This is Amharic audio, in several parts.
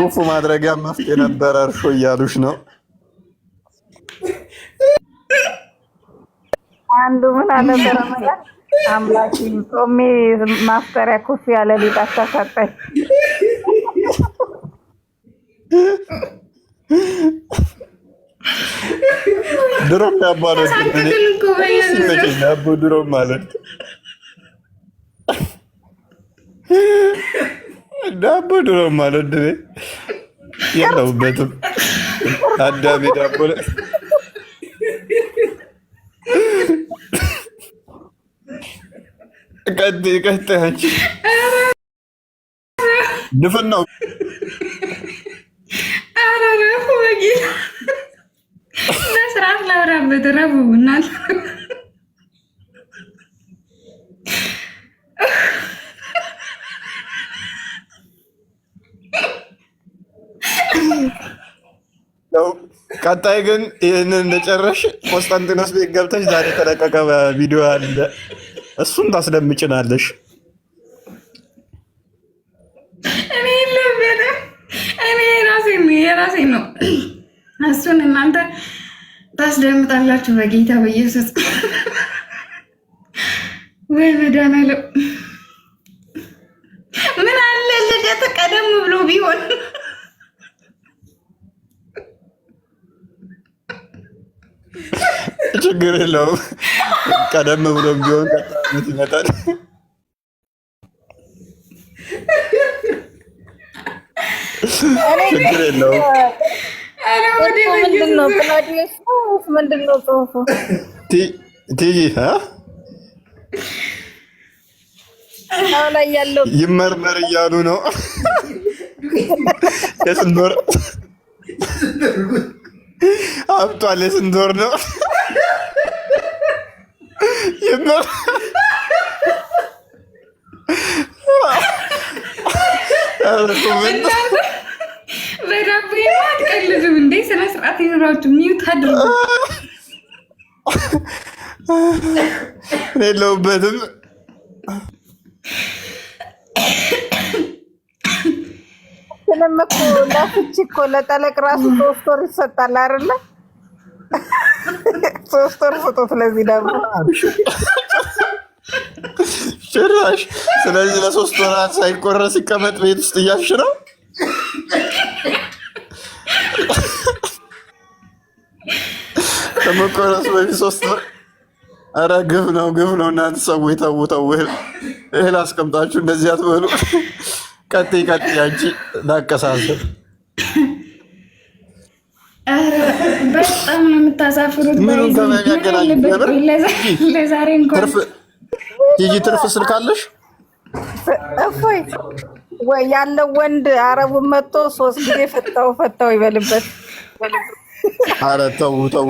ኩፍ ማድረጊያ መፍት የነበረ እርሾ እያሉሽ ነው። አንዱ ምን አለ አምላኪ ጾሜ ማፍጠሪያ ኩፍ ያለ ሊጣሳ ሰጠኝ። ድሮም ዳቦ ድሮም ማለት ዳቦ ድሮ ማለት ድሬ የለውበትም አዳሚ ዳቦ ቀጥያች ድፍን ነው ስርዓት ላውራበት ረቡ እናት ቀጣይ ግን ይህንን እንደጨረሽ ቆስጠንጢኖስ ቤት ገብተሽ ዛሬ የተለቀቀ ቪዲዮ አለ፣ እሱን ታስደምጭናለሽ። የራሴ ነው እሱን እናንተ ታስደምጣላችሁ። በጌታ በኢየሱስ ወይ መዳን አለው ምን አለ ልደት ቀደም ችግር የለውም። ቀደም ብሎ ቢሆን ቀጣይነት ይመጣል። ችግር የለውም። ያለው ይመርመር እያሉ ነው። አብጧል። የስንት ወር ነው? በዳቦ አትቀልድም እንዴ? ስነ ስርዓት የለውበትም ዓለም እኮ ለፍቺ እኮ ለጠለቅ ራሱ ሶስት ወር ይሰጣል አይደለ? ሶስት ወር ደግሞ ጭራሽ ስለዚህ ለሶስት ወራት ሳይቆረስ ሲቀመጥ ቤት ውስጥ እያልሽ ነው። ከመቆረሱ በፊት ሶስት ወር። ግፍ ነው፣ ግፍ ነው። እናንተ ሰው ተው ተው፣ እህል አስቀምጣችሁ እንደዚህ አትበሉ። ቀጥይ ቀጥይ። አንቺ ላቀሳሰብ በጣም ነው የምታሳፍሩት። ለዛሬ እንኳን ሂጂ። ትርፍ ስልክ አለሽ? እፎይ ወይ ያለው ወንድ አረቡን መጥቶ ሶስት ጊዜ ፈታው ፈታው ይበልበት። አረ ተው ተው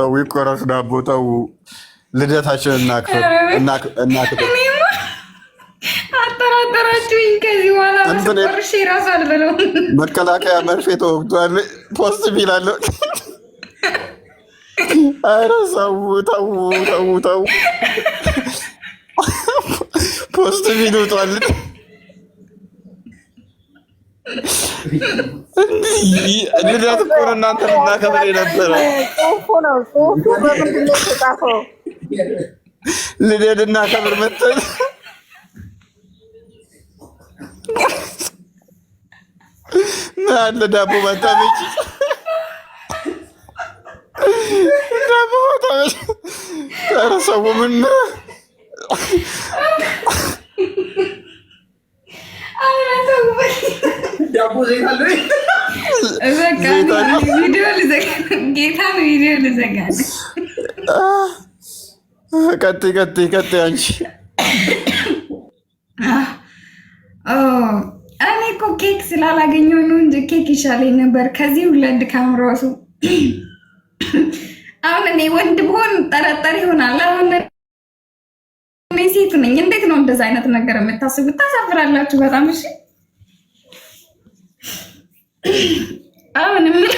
ተው፣ ይቆረስ ዳቦ ተው። ልደታችን እናክብር እናክብር። አጠራጠራችሁኝ። ከዚህ በኋላ መስቆርሽ ራሱ አልበለው። መከላከያ መርፌ ተወግዷል ፖስት ቢላለሁ። ኧረ ሰው ተው ተው ተው፣ ፖስት ቢል ውጧል። ልደት እኮ ነው እናንተ ልናከብር የነበረ ጽሑፉ ነው። ልደት እናከብር መተን ምን አለ ዳቦ ባታመጪ ዳቦ ባታመጪ። ኧረ ሰው ምን ዳቦ ዘይት አለ አንቺ እኔ እኮ ኬክ ስላላገኘው ነው እንጂ ኬክ ይሻለኝ ነበር። ከዚህ ሁለት ካም ራሱ አሁን እኔ ወንድ ብሆን ጠረጠር ይሆናል። አሁን እኔ ሴት ነኝ። እንዴት ነው እንደዛ አይነት ነገር የምታስቡት? ታሳፍራላችሁ በጣም እሺ። አሁን ምን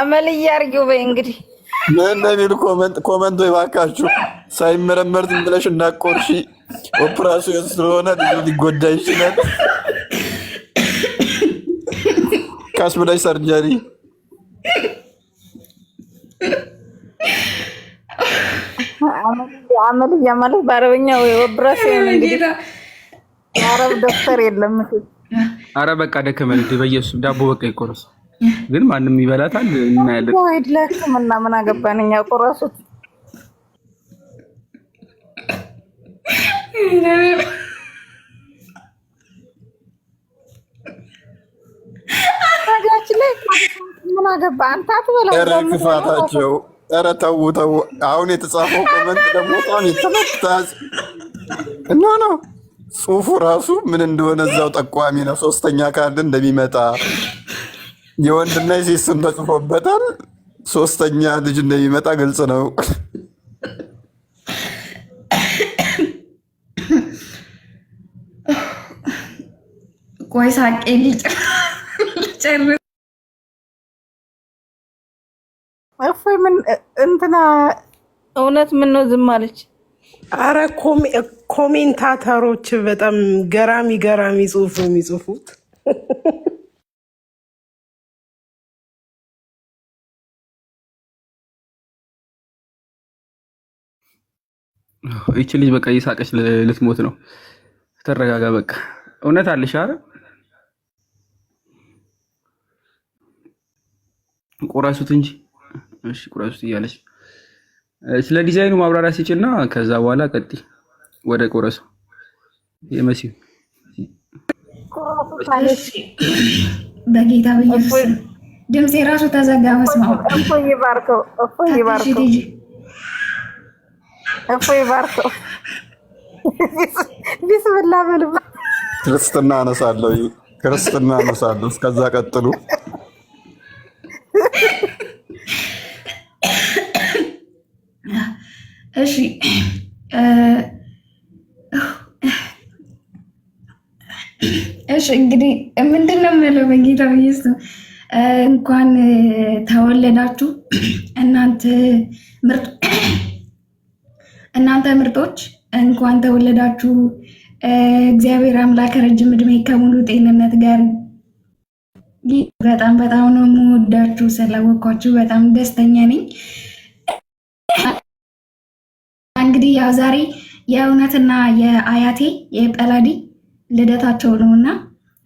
አመል እያርጊው በይ እንግዲህ ምን እንደሚል ኮመንት ኮመንት ይባካችሁ። ሳይመረመር ዝም ብለሽ እንዳቆርሺ ኦፕራሲዮን ስለሆነ ልጁ ሊጎዳ ይችላል። ካስ ብላሽ ሰርጀሪ አመልያ ማለት በአረበኛ ኦፕራሲዮን አረብ ዶክተር የለም። አረ በቃ ደከመ። በየሱ ዳቦ በቃ ይቆረስ ግን ማንም ይበላታል። እናያለን። አይድላችሁም ምን አገባን እኛ ቆራሱት ምን አገባ አንተ አትበላ። ኧረ ክፋታቸው! ኧረ ተው ተው። አሁን የተጻፈው ኮመንት ደግሞ በጣም የተመታዝ እና ነው ጽሁፉ ራሱ ምን እንደሆነ እዛው ጠቋሚ ነው። ሶስተኛ ካርድ እንደሚመጣ የወንድና የሴት ስም ተጽፎበታል። ሶስተኛ ልጅ እንደሚመጣ ግልጽ ነው። ቆይ ሳቄ እፎይ ምን እንትና እውነት ምን ነው ዝም አለች። አረ ኮሜንታተሮች በጣም ገራሚ ገራሚ ጽሁፍ ነው የሚጽፉት። ይቺ ልጅ በቃ እየሳቀች ልትሞት ነው። ተረጋጋ በቃ እውነት አለሽ። አረ ቁራሱት እንጂ እሺ፣ ቁራሱት እያለች ስለ ዲዛይኑ ማብራሪያ ሲጭና ከዛ በኋላ ቀጥ ወደ ቁረሱ የመሲው በጌታ ብዬሽ ድምፄ ራሱ ተዘጋ። መስማ እፎይ ይባርከው፣ እፎይ ይባርከው እፎይ ባርከው ቢስምላ በልባ ክርስትና አነሳለሁ፣ ክርስትና አነሳለሁ። እስከዛ ቀጥሉ። እሺ እሺ እንግዲህ ምንድን ነው የምለው፣ በጌታ ኢየሱስ እንኳን ተወለዳችሁ እናንተ ምርጥ እናንተ ምርጦች እንኳን ተወለዳችሁ። እግዚአብሔር አምላክ ረጅም እድሜ ከሙሉ ጤንነት ጋር በጣም በጣም ነው የምወዳችሁ። ስላወኳችሁ በጣም ደስተኛ ነኝ። እንግዲህ ያው ዛሬ የእውነትና የአያቴ የጠላዲ ልደታቸው ነው እና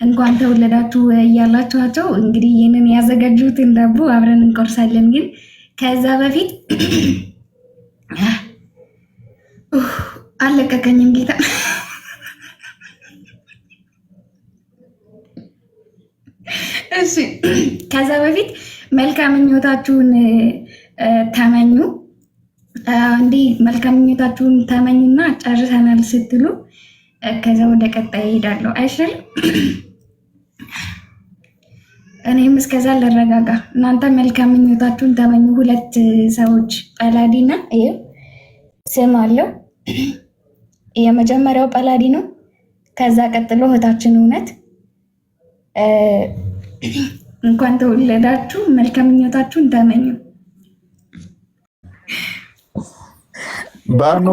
እንኳን ተወለዳችሁ እያላችኋቸው እንግዲህ ይህንን ያዘጋጁትን ዳቦ አብረን እንቆርሳለን። ግን ከዛ በፊት አለቀቀኝም ጌታ እሺ ከዛ በፊት መልካም ምኞታችሁን ተመኙ። እንዲህ መልካም ምኞታችሁን ተመኙና ጨርሰናል ስትሉ ከዛ ወደ ቀጣይ ይሄዳለሁ አይሻልም? እኔም እስከዛ ልረጋጋ። እናንተ መልካም ምኞታችሁን ተመኙ። ሁለት ሰዎች ጠላዲና ስም አለው የመጀመሪያው ጳላዲ ነው። ከዛ ቀጥሎ እህታችን እውነት እንኳን ተወለዳችሁ፣ መልካም ምኞታችሁን ተመኙ። ባኖ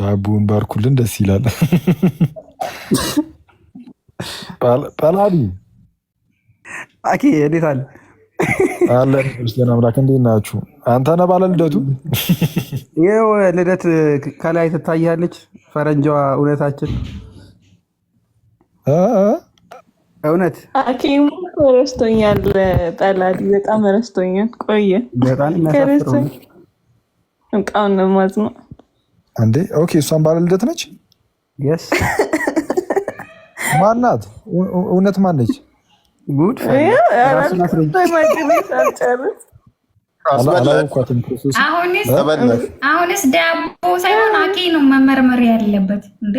ዳቦን ባርኩልን፣ ደስ ይላል። ጳላዲ አኪ እንዴት አለ? አለን ክርስቲያን አምላክ እንዴት ናችሁ? አንተ ነህ ባለ ልደቱ። ይኸው ልደት ከላይ ትታያለች። ፈረንጃዋ እውነታችን እውነት አኪሙ ረስቶኛል። ጠላዲ በጣም ረስቶኛል። ቆየ በጣም ነው እንዴ ኦኬ፣ እሷን ባለ ልደት ነች። ስ ማናት? እውነት ማነች? ጉድ አሁንስ ዳቦ ሳይሆን አቂ ነው መመርመር ያለበት። እንዴ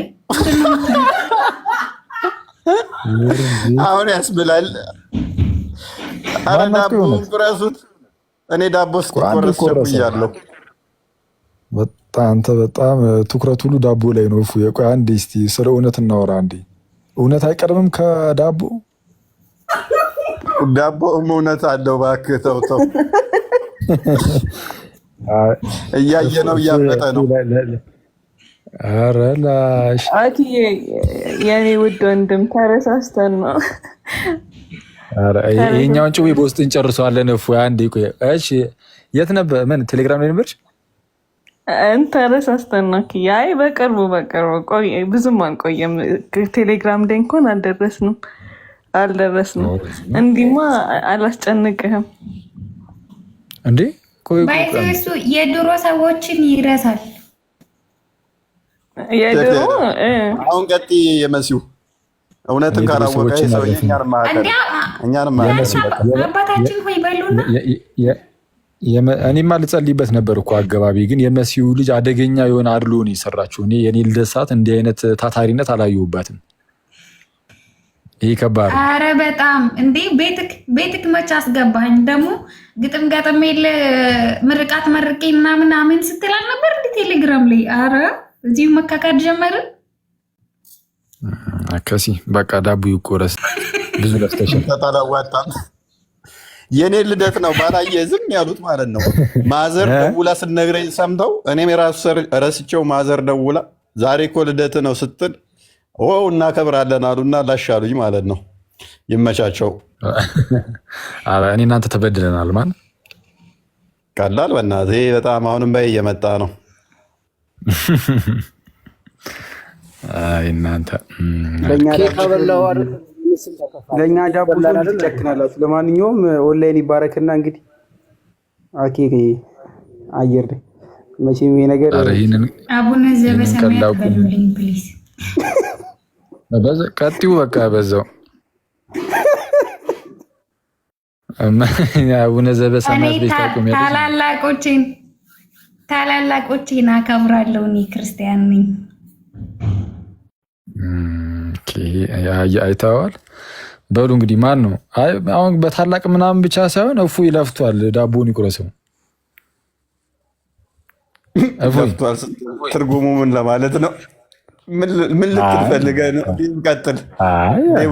አሁን ያስብላል። አረ ዳቦ ብረሱት። እኔ ዳቦ ስቆረስ ቸኩያለሁ። አንተ በጣም ትኩረት ሁሉ ዳቦ ላይ ነው። እፉዬ ቆይ አንዴ እስኪ ስለ እውነት እናወራ። አንዴ እውነት አይቀድምም ከዳቦ ዳቦ እውነት አለው። እባክህ ተው ተው፣ እያየ ነው እያመጠ ነው። ኧረ ላሽ አትዬ፣ የኔ ውድ ወንድም ተረሳስተን ነው። ይህኛውን ጭዊ በውስጥ እንጨርሰዋለን። እፎ አንድ እሺ፣ የት ነበር? ምን ቴሌግራም ላይ ነበርሽ? ተረሳስተን ነው። አይ በቅርቡ በቅርቡ፣ ብዙም አንቆየም። ቴሌግራም ደንኮን እንኳን አልደረስንም። አልደረስንም። እንዲማ አላስጨንቅህም እንዴ? ባይሴሱ የድሮ ሰዎችን ይረሳል። የድሮ አሁን ቀጥ የመሲሁ እውነትን ካላወቀ እኛንም አባታችን ሆይ በሉና እኔማ ልጸልይበት ነበር እኮ አገባቢ ግን የመሲሁ ልጅ አደገኛ የሆነ አድሎ ነው የሰራችው። እኔ የኔ ልደሳት እንዲህ አይነት ታታሪነት አላየሁባትም። ይህ ከባድ አረ በጣም እንዴ! ቤትክ ቤትክ መች አስገባኝ ደግሞ ግጥም የለ ምርቃት መርቄ ምናምን አሜን ስትል አልነበር እንዴ ቴሌግራም ላይ? አረ እዚሁ መካካድ ጀመርን። አከሲ በቃ ዳቡ ይቆረስ። ብዙ ለፍተሻል። የእኔ ልደት ነው ባላየ ዝም ያሉት ማለት ነው። ማዘር ደውላ ስትነግረኝ ሰምተው እኔም የራሱ ረስቸው ማዘር ደውላ ዛሬ እኮ ልደት ነው ስትል ኦ እናከብራለን አሉና ላሻሉኝ ማለት ነው። ይመቻቸው። እኔ እናንተ ተበድለናል። ማን ቀላል በእናትህ በጣም አሁንም በይ እየመጣ ነው። ለእኛ ዳቦ ትጨክናላችሁ። ለማንኛውም ኦንላይን ይባረክና እንግዲህ አኬ አየር ላይ መቼም ይሄ ነገር አቡነ ዘበሰማያት በሉልኝ ፕሊዝ ቀጥዩ በቃ በዛው አቡነ ዘበሰማያት ቤት ታቆም። ታላላቆቼን ታላላቆቼን አከብራለሁ። እኔ ክርስቲያን ነኝ። አይተዋል። በሉ እንግዲህ ማን ነው አሁን በታላቅ ምናምን ብቻ ሳይሆን እፉ ይለፍቷል። ዳቦን ይቁረሰው። ትርጉሙ ምን ለማለት ነው? ምን ልትል ፈልገህ ነው? ቀጥል።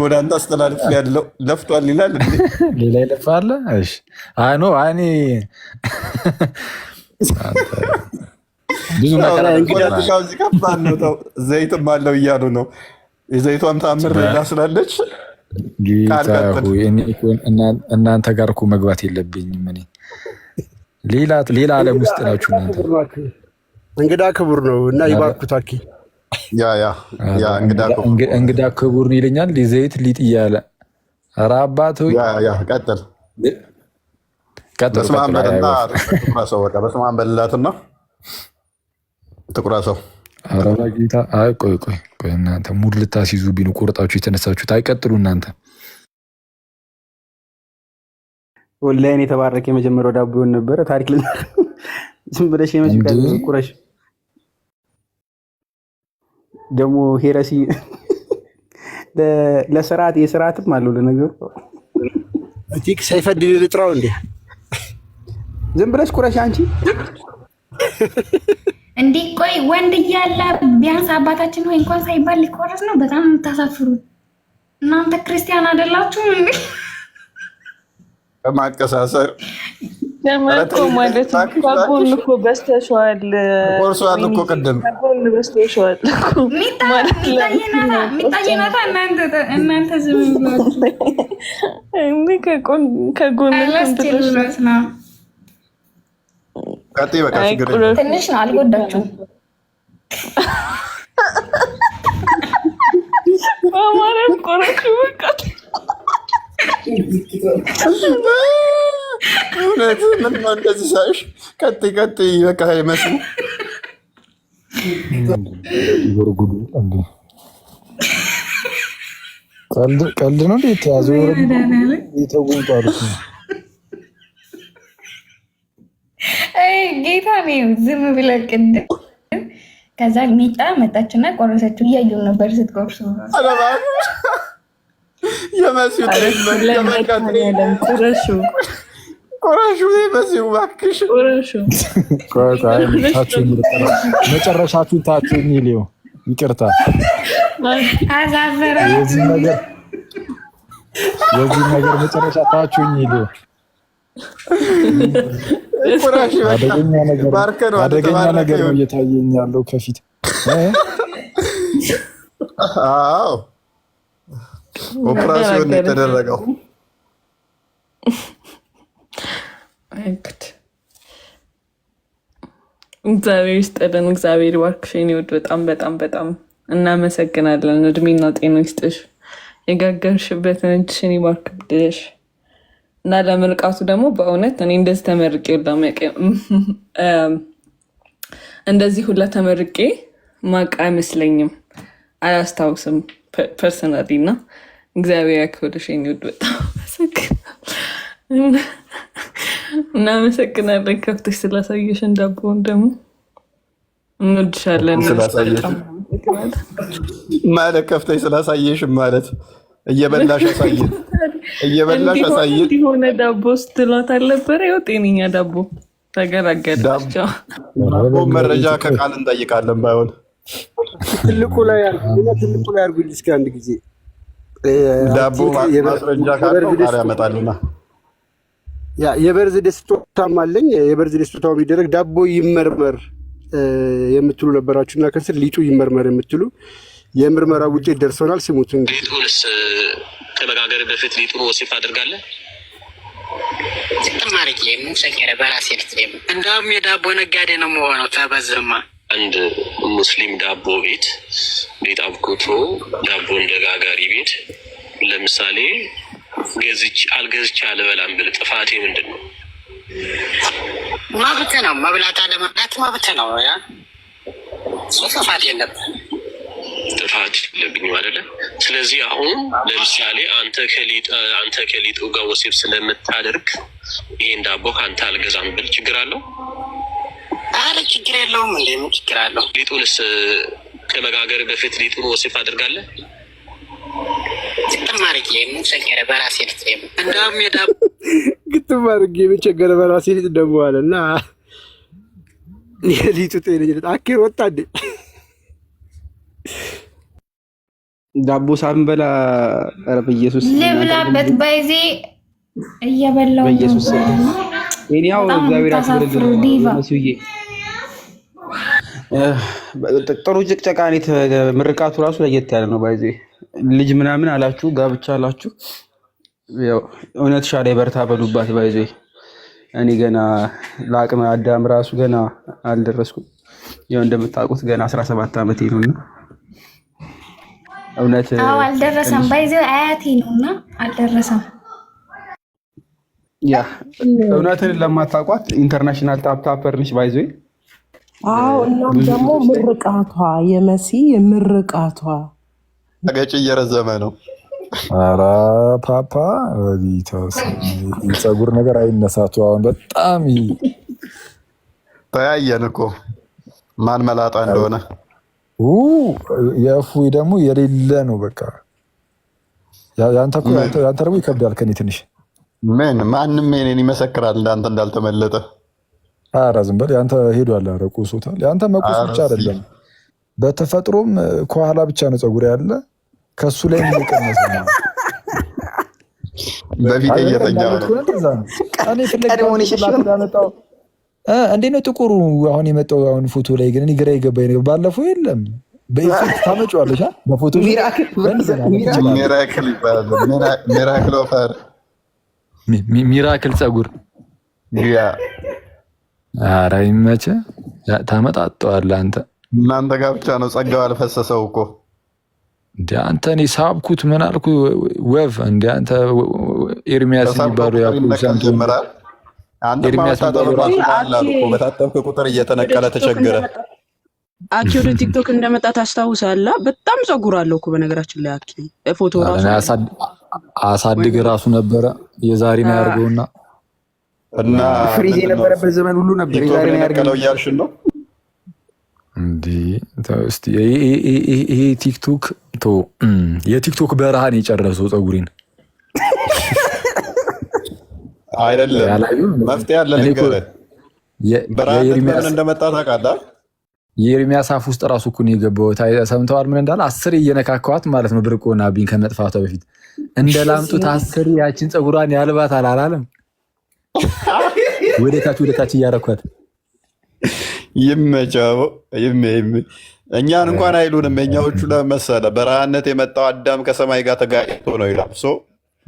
ወደ አንተ አስተላልፍ ያለው ለፍቷል ይላል። ሌላ ይለፋለ። ዘይትም አለው እያሉ ነው። የዘይቷም ታምር ሌላ ስላለች እናንተ ጋር እኮ መግባት የለብኝም እኔ ሌላ ዓለም ውስጥ ናችሁ እንግዳ ክቡር ነው እና ይባርኩታኪ እንግዳ ክቡር ይለኛል። ሊዘይት ሊጥ እያለ ኧረ አባት ቀጥል በስመ አብ በልላትና ሰው አይ ቆይ ቆይ ቆይ እናንተ ሙድ ልታስይዙብኝ ነው ቆርጣችሁ የተነሳችሁት። አይቀጥሉ እናንተ ወላይን የተባረከ የመጀመሪያው ዳቦውን ነበረ ታሪክ ል ዝም ብለሽ ቁረሽ ደግሞ ሄረሲ ለስርዓት የስርዓትም አለው ለነገሩ ቲክ ሰይፈድል ልጥራው እንዲ ዝም ብለሽ ቁረሽ አንቺ እንዲህ ቆይ ወንድ እያለ ቢያንስ አባታችን ወይ እንኳን ሳይባል ሊቆረስ ነው። በጣም የምታሳፍሩ እናንተ ክርስቲያን አይደላችሁም በማቀሳሰር ለመኮ ማለት ከጎን እኮ በስተሸዋል ቆርሷል እኮ ቅድም ከጎን በስተሸዋል እናንተ ዝም ከጎን ትንሽ ነው። አልጎዳችሁም በቃ እውነት ምን ነው እንደዚህ ሳይሽ ቀጥ ቀጥ በቃ ይመስሉ ጉርጉዱ ቀልድ ነው። እንዴት ያዘ ጌታ ነው ዝም ብለህ ቅድም ከዛ ሚጣ መጣችና ቆረሰችው። እያዩ ነበር ስትቆርሱ የመሲሁ ቆራሹ በዚሁ እባክሽ፣ መጨረሻችሁን ታችሁ ሚሊዮ ይቅርታ፣ የዚህ ነገር መጨረሻ ታችሁ ሚሊዮ አደገኛ ነገር ነው እየታየኝ ያለው ከፊት። አዎ ኦፕራሲዮን የተደረገው ያልኩት። እግዚአብሔር ይስጥልን። እግዚአብሔር ባርክሽ ውድ። በጣም በጣም በጣም እናመሰግናለን። እድሜና ጤና ይስጥሽ። የጋገርሽበትን እጅሽን ይባርክልሽ እና ለምርቃቱ ደግሞ በእውነት እኔ እንደዚህ ተመርቄ እንደዚህ ሁላ ተመርቄ ማቅ አይመስለኝም፣ አያስታውስም ፐርሰናሊ እና እግዚአብሔር ያክብርሽ ውድ በጣም እናመሰግናለን ከፍተሽ ስላሳየሽን ዳቦውን ደግሞ እንወድሻለን። ማለት ከፍተሽ ስላሳየሽን ማለት እየበላሽ አሳየን፣ እየበላሽ አሳየን የሆነ ዳቦ ስትሏት አልነበረ? ያው ጤነኛ ዳቦ ተገላገላቸው። መረጃ ከቃል እንጠይቃለን። ባይሆን ትልቁ ላይ ትልቁ ላይ አድርጉልኝ እስኪ ጊዜ ዳቦ ማስረጃ ካለው ቃል ያመጣልና የበርዝዴ ስጦታም አለኝ። የበርዝዴ ስጦታው የሚደረግ ዳቦ ይመርመር የምትሉ ነበራችሁ እና ከስር ሊጡ ይመርመር የምትሉ የምርመራ ውጤት ደርሰናል። ስሙት። ሊጡንስ ከመጋገር በፊት ሊጡ ወሲፍ አድርጋለህ ስትማርጌ ሙሰጌረ በራሴ ልትም እንደውም የዳቦ ነጋዴ ነው መሆነው ተበዘማ አንድ ሙስሊም ዳቦ ቤት ቤት አብኩቶ ዳቦ እንደ ጋጋሪ ቤት ለምሳሌ ገዝቼ አልገዝቼ አልበላም ብል ጥፋቴ ምንድን ነው? መብት ነው። መብላት አለመብላት መብት ነው። ያ እሱ ጥፋት የለብህም። ጥፋት የለብኝም አይደለ? ስለዚህ አሁን ለምሳሌ አንተ ከሊጡ ጋር ወሲብ ስለምታደርግ ይሄን ዳቦ ከአንተ አልገዛም ብል ችግር አለው? አረ ችግር የለውም። እንደ ችግር አለው? ሊጡንስ ከመጋገር በፊት ሊጡን ወሲብ ታደርጋለህ? ግጥም አድርጌ የምቸገረ በራሴ ልትሬም ደግሞ አለ እና የሊጡ አኬር ወጣ እንዴ ዳቦ ሳንበላ ኧረ በኢየሱስ ልብላበት ባይዜ እየበላው በኢየሱስ እግዚአብሔር ጥሩ ጭቅጨቃኔት ምርቃቱ ራሱ ለየት ያለ ነው ባይዜ ልጅ ምናምን አላችሁ፣ ጋብቻ አላችሁ። እውነት ላይ በርታ በሉባት። ባይዞ እኔ ገና ለአቅመ አዳም ራሱ ገና አልደረስኩም። ያው እንደምታውቁት ገና 17 ዓመቴ ነውና እውነት አልደረሰም። ባይዞ አያቴ ነውና አልደረሰም። ያ እውነትን ለማታውቋት ኢንተርናሽናል ታፕታፐር ነች። ባይዞ አዎ። እናም ደግሞ ምርቃቷ የመሲ የምርቃቷ ገጭ እየረዘመ ነው። ኧረ ፓፓ ጸጉር ነገር አይነሳቱ። አሁን በጣም ተያየን እኮ ማን መላጣ እንደሆነ። የእፎይ ደግሞ የሌለ ነው በቃ። ያንተ ደግሞ ይከብዳል ከኔ ትንሽ። ምን ማንም ኔን ይመሰክራል እንዳንተ እንዳልተመለጠ። ኧረ ዝም በል ያንተ ሄዷል። ኧረ ቁሶታል። ያንተ መቁስ ብቻ አይደለም፣ በተፈጥሮም ከኋላ ብቻ ነው ጸጉር ያለ ከእሱ ላይ የሚቀነስ ነው። በፊት እየተኛ ነው። ነው ጥቁሩ አሁን የመጣው አሁን ፎቶ ላይ ግን ግራ የገባኝ ነገር ባለፈው የለም በኢፌክት ታመጫዋለሽ በፎቶ ሚራክል ይባላል። ሚራክል ኦፈር ሚራክል ጸጉር ያ ኧረ ታመጣጠዋለህ አንተ እናንተ ጋር ብቻ ነው ጸጋው አልፈሰሰው እኮ እንደ አንተ እኔ ሳብኩት ምን አልኩ? ወፍ እንደ አንተ ኤርሚያስ የሚባሉ በታጠብክ ቁጥር እየተነቀለ ተቸገረ። አኪ ወደ ቲክቶክ እንደመጣ ታስታውሳላ? በጣም ጸጉር አለው እኮ በነገራችን ላይ አኪ ፎቶ ራሱ አሳድግ ራሱ ነበረ የዛሬ ነው ያርገውና እና ፍሪዝ የነበረበት ዘመን ሁሉ ነበር። የዛሬ ነው ያርገው እያልሽን ነው እንዲህ ይሄ ቲክቶክ ቶ የቲክቶክ በረሃን የጨረሰው ፀጉሬን አይደለም። መፍትሄ አለ ልንገርህ። በረሃን እንደመጣ ታውቃለህ። የኤርሚያስ አፍ ውስጥ ራሱ እኮ ነው የገባሁት። ሰምተዋል ምን እንዳለ? አስር እየነካከዋት ማለት ነው ብርቅ ሆናብኝ ከመጥፋቷ በፊት እንደ ላምጡት አስር ያችን ፀጉሯን ያልባት አላላለም። ወደታች ወደታች እያረኳት ይመቸው። እኛን እንኳን አይሉንም። የኛዎቹ ለመሰለ በረሃነት የመጣው አዳም ከሰማይ ጋር ተጋጭቶ ነው ይላል።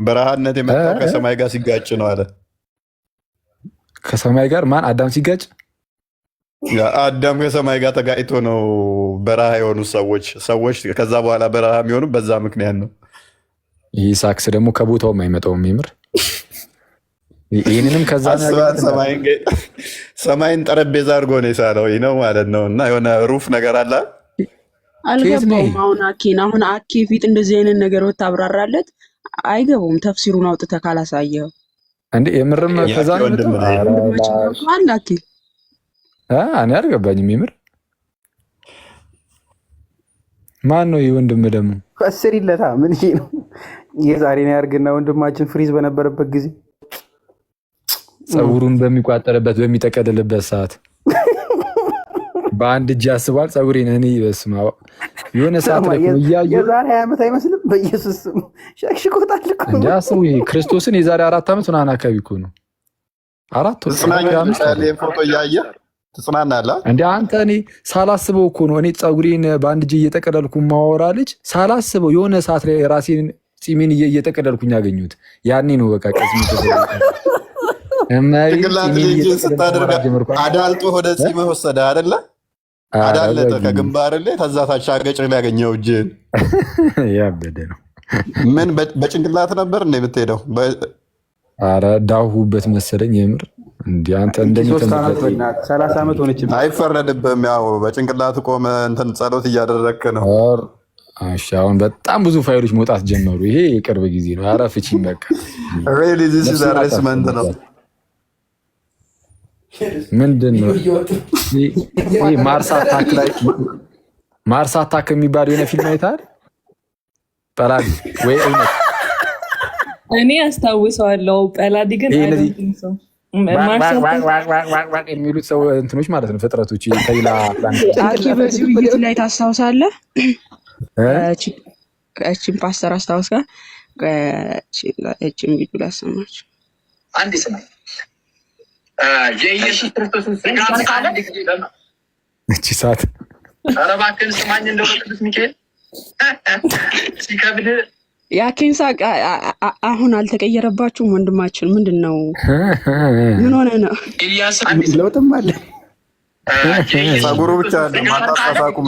በረሃነት የመጣው ከሰማይ ጋር ሲጋጭ ነው አለ። ከሰማይ ጋር ማን? አዳም ሲጋጭ አዳም ከሰማይ ጋር ተጋጭቶ ነው በረሃ የሆኑ ሰዎች ሰዎች ከዛ በኋላ በረሃ የሚሆኑ በዛ ምክንያት ነው። ይህ ሳክስ ደግሞ ከቦታውም አይመጣውም። ይምር ይህንንም ከዛ ሰማይ ሰማይን ጠረጴዛ አድርጎ ነው የሳለው ነው ማለት ነው። እና የሆነ ሩፍ ነገር አለ አልገባውም። አሁን አኬን አሁን አኬ ፊት እንደዚህ አይነት ነገር ብታብራራለት አይገቡም። ተፍሲሩን አውጥተህ ካላሳየኸው እንዴ የምርም ከዛ አንድ አኬ እኔ አልገባኝም። የምር ማን ነው ይህ ወንድም? ደግሞ ፈስሪለታ ምን ነው የዛሬ ነው ያርግና ወንድማችን ፍሪዝ በነበረበት ጊዜ ፀጉሩን በሚቋጠርበት በሚጠቀልልበት ሰዓት በአንድ እጅ አስቧል። ፀጉሬን። እኔ በስማ የሆነ ሰዓት ላይ እያዩ የዛሬ ሀያ ዓመት አይመስልም። በኢየሱስ ሸክሽቆታል እንዲ አስቡ። ክርስቶስን የዛሬ አራት ዓመት ምናምን አካባቢ እኮ ነው። አራት ፎቶ እያየ ትጽናናለህ እንደ አንተ። እኔ ሳላስበው እኮ ነው እኔ ፀጉሬን በአንድ እጅ እየጠቀለልኩ ማወራ ልጅ ሳላስበው የሆነ ሰዓት ላይ ራሴን ፂሜን እየጠቀለልኩኝ ያገኙት ያኔ ነው በቃ ቀዝሚ ጭንቅላት አዳልጦ ወደ ወሰደ አደለ? አዳለጠ ከግንባር ላይ ተዛታች አገጭ ያገኘው እጅን ያበደ ነው። ምን በጭንቅላት ነበር እንደ የምትሄደው? ዳሁበት መሰለኝ የምር አይፈረድብም። ያው በጭንቅላት ቆመ እንትን ጸሎት ነው። አሁን በጣም ብዙ ፋይሎች መውጣት ጀመሩ። ይሄ የቅርብ ጊዜ ነው። አረ በቃ ነው። ምንድን ነው ማርስ አታክ የሚባል የሆነ ፊልም አይተሃል? ጠላዲ ወይ እውነት እኔ አስታውሰዋለሁ። ጠላዲ ግን የሚሉት ሰው እንትኖች ማለት ነው ፍጥረቶች ከሌላ አኪ በዚሁ ዩት ላይ ታስታውሳለህ? እችን ፓስተር አስታውስ ጋር እችን ቪዲዮ ላሰማችሁ አንድ ስማ የኢየሱስ ክርስቶስን እቺ ሰዓት ኧረ እባክህን ስማኝ ቅዱስ ሚካኤል ሲከብድ አሁን አልተቀየረባችሁም? ወንድማችን ምንድን ነው? ምን ሆነ ነው? ለውጥም አለ። ጸጉሩ ብቻ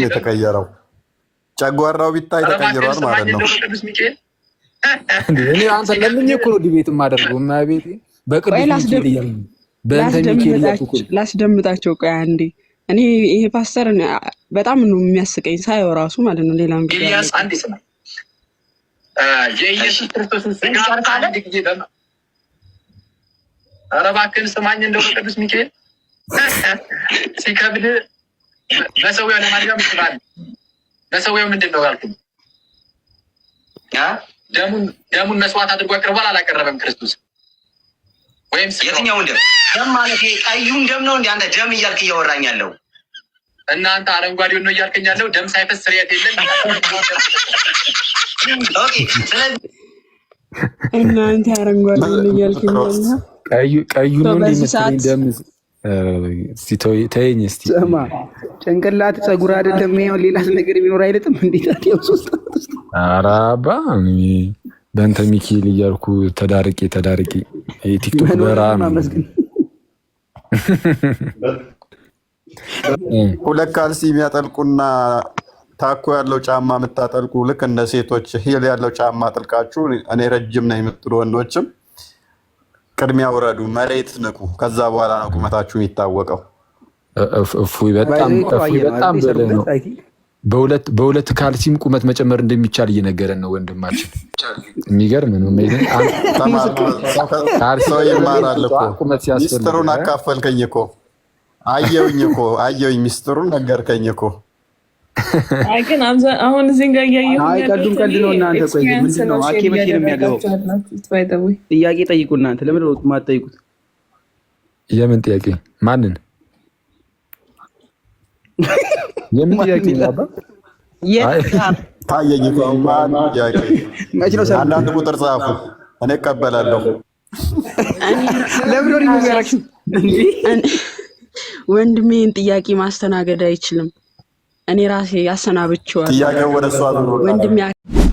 የተቀየረው ጨጓራው ቢታይ ተቀይሯል ማለት ነው። እኔ አንተ እኮ ነው ዲቤት የማደርገው። ቤቴ በቅዱስ ሚካኤል ላስደምጣቸው ቆይ አንዴ። እኔ ይሄ ፓስተር በጣም ነው የሚያስቀኝ ሳየው ራሱ ማለት ነው። ሌላ የኢየሱስ ክርስቶስን ኧረ እባክህን ስማኝ እንደው በቅዱስ ሚካኤል ሲከብድ በሰውየው ለማድረግ ይችላል። በሰውየው ምንድን ነው ያልኩኝ? ደሙን መስዋዕት አድርጎ አቅርቧል አላቀረበም ክርስቶስ ወይም የትኛውን ደም ደም ማለት ቀዩን ደም ነው እንዴ? አንተ ደም እያልክ እያወራኝ ያለው እናንተ አረንጓዴውን ነው እያልከኝ ያለው ደም ሳይፈስ ስርያት የለም እናንተ አረንጓዴውን እያልከኝ ያለው ቀዩ ነው እንደሚመስለኝ ደም ተይኝ እስኪ ጭንቅላት ፀጉር አይደለም ይሄው ሌላ ነገር ቢኖር አይለጥም እንዴት ታዲያ ውስጥ አራባ በእንተ ሚኪል እያልኩ ተዳርቂ ተዳርቂ ቲክቶክ በራ ነው። ሁለት ካልሲ የሚያጠልቁና ታኮ ያለው ጫማ የምታጠልቁ ልክ እንደ ሴቶች ሂል ያለው ጫማ አጥልቃችሁ እኔ ረጅም ነው የምትሉ ወንዶችም ቅድሚያ ውረዱ፣ መሬት ንቁ። ከዛ በኋላ ነው ቁመታችሁ የሚታወቀው። እፉይ በጣም በጣም በለ ነው በሁለት ካልሲም ቁመት መጨመር እንደሚቻል እየነገረን ነው ወንድማችን። የሚገርም ነው። ቁመት ሚስጥሩን አካፈልከኝ እኮ አየውኝ እኮ አየውኝ ሚስጥሩን ነገርከኝ እኮ። ግን አሁን እዚህ ጋር እያየሁኝ ቀዱም ቀድ ነው። እናንተ ቆይ ነው አኬ ጥያቄ ጠይቁ እናንተ። ለምን ማትጠይቁት? የምን ጥያቄ ማንን የምን ጥያቄ ታየኝ። አንዳንድ ቁጥር ጻፉ፣ እኔ እቀበላለሁ። ወንድሜን ጥያቄ ማስተናገድ አይችልም። እኔ ራሴ ያሰናብችዋል። ጥያቄው ወደ እሷ